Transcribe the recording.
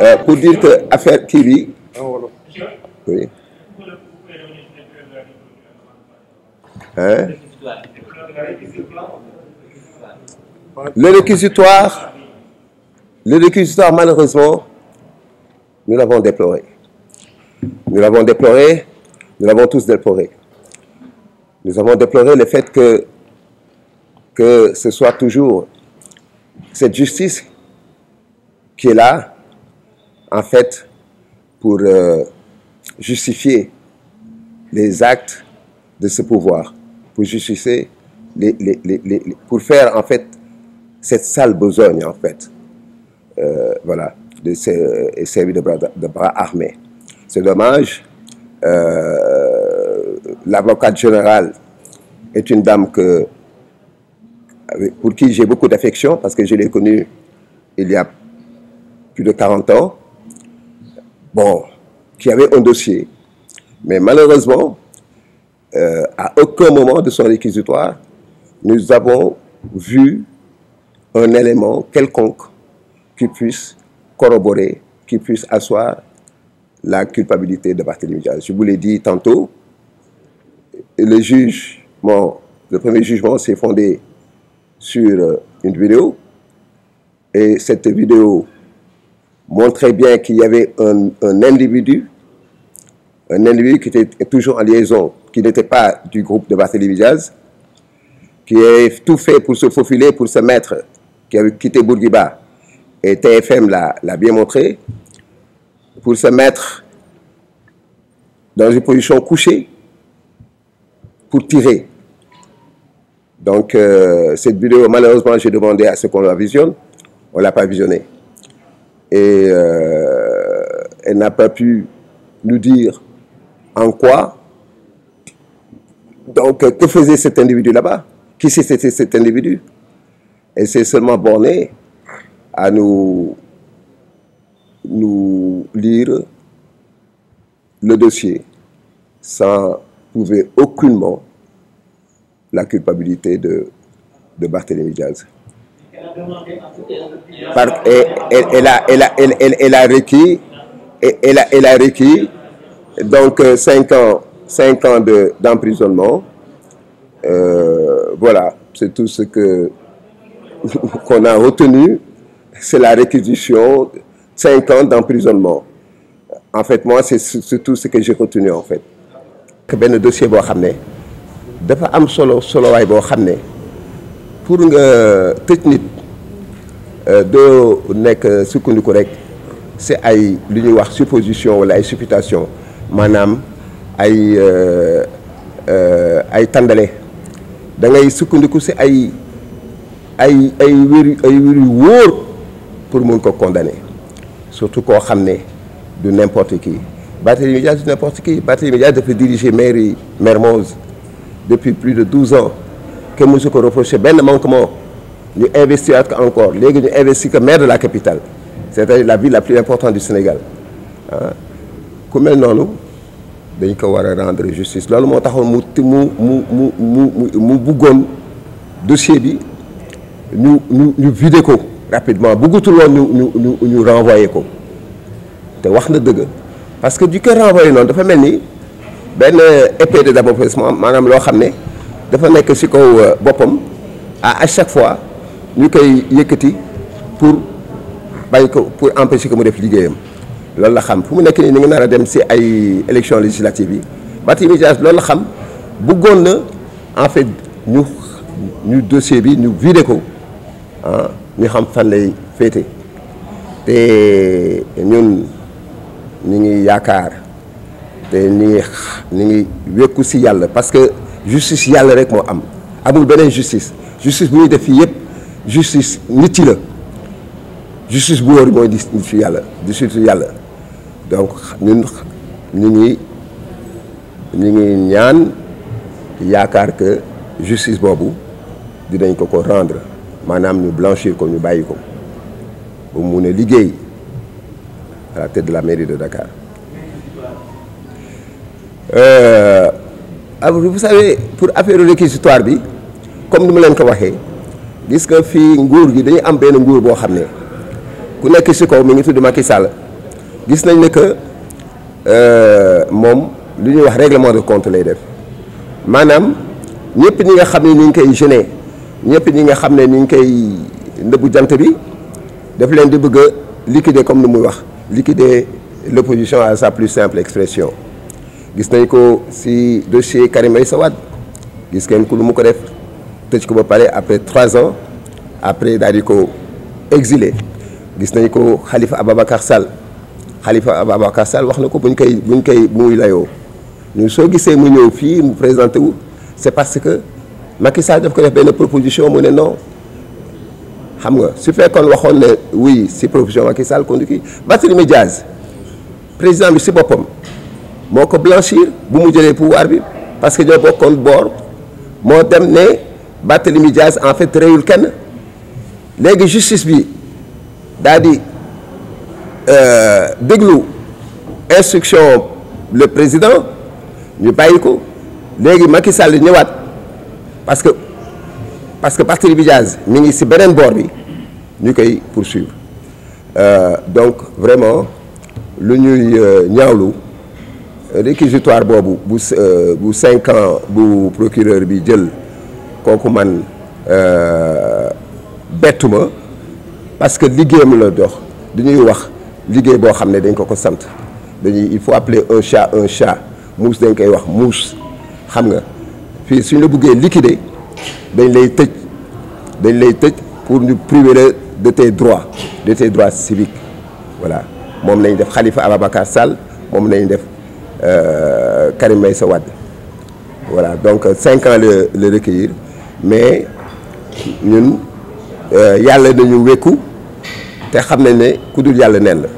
Euh, pour dire que affaire kii bi oui hein le réquisitoire le réquisitoire malheureusement nous l'avons déploré nous l'avons tous déploré nous avons déploré le fait que ce soit toujours cette justice qui est là en fait, pour euh, justifier les actes de ce pouvoir, pour justifier, les, les, les, les, pour faire en fait cette sale besogne en fait, euh, voilà, de, et servir de, de bras, armés. C'est dommage. Euh, L'avocate générale est une dame que, pour qui j'ai beaucoup d'affection parce que je l'ai connue il y a plus de 40 ans. bon, qui avait un dossier. Mais malheureusement, euh, à aucun moment de son réquisitoire, nous avons vu un élément quelconque qui puisse corroborer, qui puisse asseoir la culpabilité de Barthélémy Diaz. Je vous l'ai dit tantôt, le juge, bon, le premier jugement s'est fondé sur euh, une vidéo et cette vidéo montrait bien qu'il y avait un, un, individu, un individu qui était toujours en liaison, qui n'était pas du groupe de Vassili Vijaz, qui avait tout fait pour se faufiler, pour se mettre, qui avait quitté Bourguiba, et TFM l'a bien montré, pour se mettre dans une position couchée pour tirer. Donc, euh, cette vidéo, malheureusement, j'ai demandé à ce qu'on la visionne. On l'a pas visionnée. et euh, elle n'a pas pu nous dire en quoi. Donc, que faisait cet individu là-bas Qui c'était cet individu Elle s'est seulement bornée à nous, nous lire le dossier sans prouver aucunement la culpabilité de, de Barthélémy Diaz. Eh, elle, a, elle, a, elle, elle a requis, eh, elle, elle a requis donc 5 euh, ans, 5 ans d'emprisonnement. De, euh, voilà, c'est tout ce que qu'on a retenu, c'est la réquisition, 5 ans d'emprisonnement. En fait, moi, c'est surtout ce que j'ai retenu en fait. benn dossier boo xam ne dafa am solo solowaay boo xam ne. pour nga tëj nit euh, doo nekk sukkandiku rek si ay lu ñuy wax supposition wala ay supputation maanaam ay euh, euh, ay tàndale da ngay sukkandiku si ay ay ay wér ay wér yu wóor pour mun ko condamner surtout koo xam ne du n'importe qui Barthélémy Dias du n'importe qui Barthélémy Dias dafa diriger mairie Mermoz depuis plus de douze ans kenn mësu ko reproché benn manquement ñu investir ko encore léegi ñu investir que maire de la capitale c'est-à-dire la ville la plus importante du Sénégal ah. ku mel noonu dañ ko war a rendre justice loolu moo taxoon mu mu mu mu mu mu buggoon dossier bi ñu ñu ñu vider ko rapidement buggutul woon ñu ñu ñu ñu ko te wax na dëgg parce que du ko renvoyer noonu dafa mel ni benn épée de am maanaam loo xam ne. dafa nekk si kaw euh, boppam ah chaque fois ñu koy yëkkati pour bàyyi ko pour empêcher ko mu def liggéeyam loolu la xam fu mu nekk nii ni nga nar a dem si ay élections législatives yi Barthélémy misage loolu la xam buggoon na en fait ñu ñu dossier bi ñu vidé ko ah, ñu xam fan lay féete te ñun ñu ngi yaakaar te ñu ngi ñu ngi wékku si yàlla parce que. justice yàlla rek moo am amul beneen justice justice bu ñuy def fii yëpp justice nit la justice bu wóor mooy di nitu yàlla di surtout yàlla donc ñun ñu ngi ñu ngi ñaan yaakaar que justice boobu dinañ ko ko rendre maanaam ñu blanchir ko ñu bàyyi ko ba mu mun liggéey à la tête de la mairie de Dakar. Euh, alors ah, vous savez pour affaire réquisitoire bi comme ni ma leen ko waxee gis nga fii nguur gi dañu am benn nguur boo xam ne ku nekk si kaw mi ngi tudd Macky Sall gis nañ ne que euh, moom lu ñuy wax règlement de compte lay def maanaam ñëpp ñi nga xam ne ñu ngi koy gêner ñëpp ñi nga xam ne ñu ngi koy ndëbbu jant bi daf leen di bëgg a liquider comme ni muy wax liquider l'opposition à sa plus simple expression. gis nañ ko si dossier Karim Meïssa Wade gis ngeen ku lu mu ko def tëj ko ba pare après trois ans après daal di ko exilé gis nañ ko Khalifa Ababacar Sall Khalifa Ababacar Sall wax na ko bu ñ koy bu ñu koy muy layoo ñun soo gisee mu ñëw fii mu présenté wu c'est parce que Macky Sall daf ko def benn proposition mu ne non xam nga su fekkoon waxoon ne oui si proposition Macky Sall kon du kii président bi si boppam. moo ko blanchir bu mu jëlee pouvoir bi parce que ñoo bokkoon boor moo dem ne mi Diaz en fait réyul kenn léegi justice bi daal di euh, déglu instruction le président ñu bàyyi ko léegi Macky Sall ñëwaat parce que parce que Barthélemy Diaz mi ngi si beneen boor bi ñu koy poursuivre euh, donc vraiment lu ñuy euh, ñaawlu. réquisitoire boobu bu euh, bu cinq ans bu procureur bi jël kooku man euh, bettu ma parce que liggéeyam la dox dañuy wax liggéey boo xam ne dañ ko ko sant dañuy il faut appeler un chat un chat muus dañ koy wax muus xam nga fii suñ la buggee liquider dañ lay tëj dañ lay tëj pour ñu priver la de tes droits de tes droits civiques voilà moom lañ def Khalifa Ababacar Sall moom lañ def Euh, Karim Meïssa Wade voilà donc euh, cinq ans le le recueillir mais ñun euh, yàlla nañu wékku te xam nañ ne ku dul yàlla neen la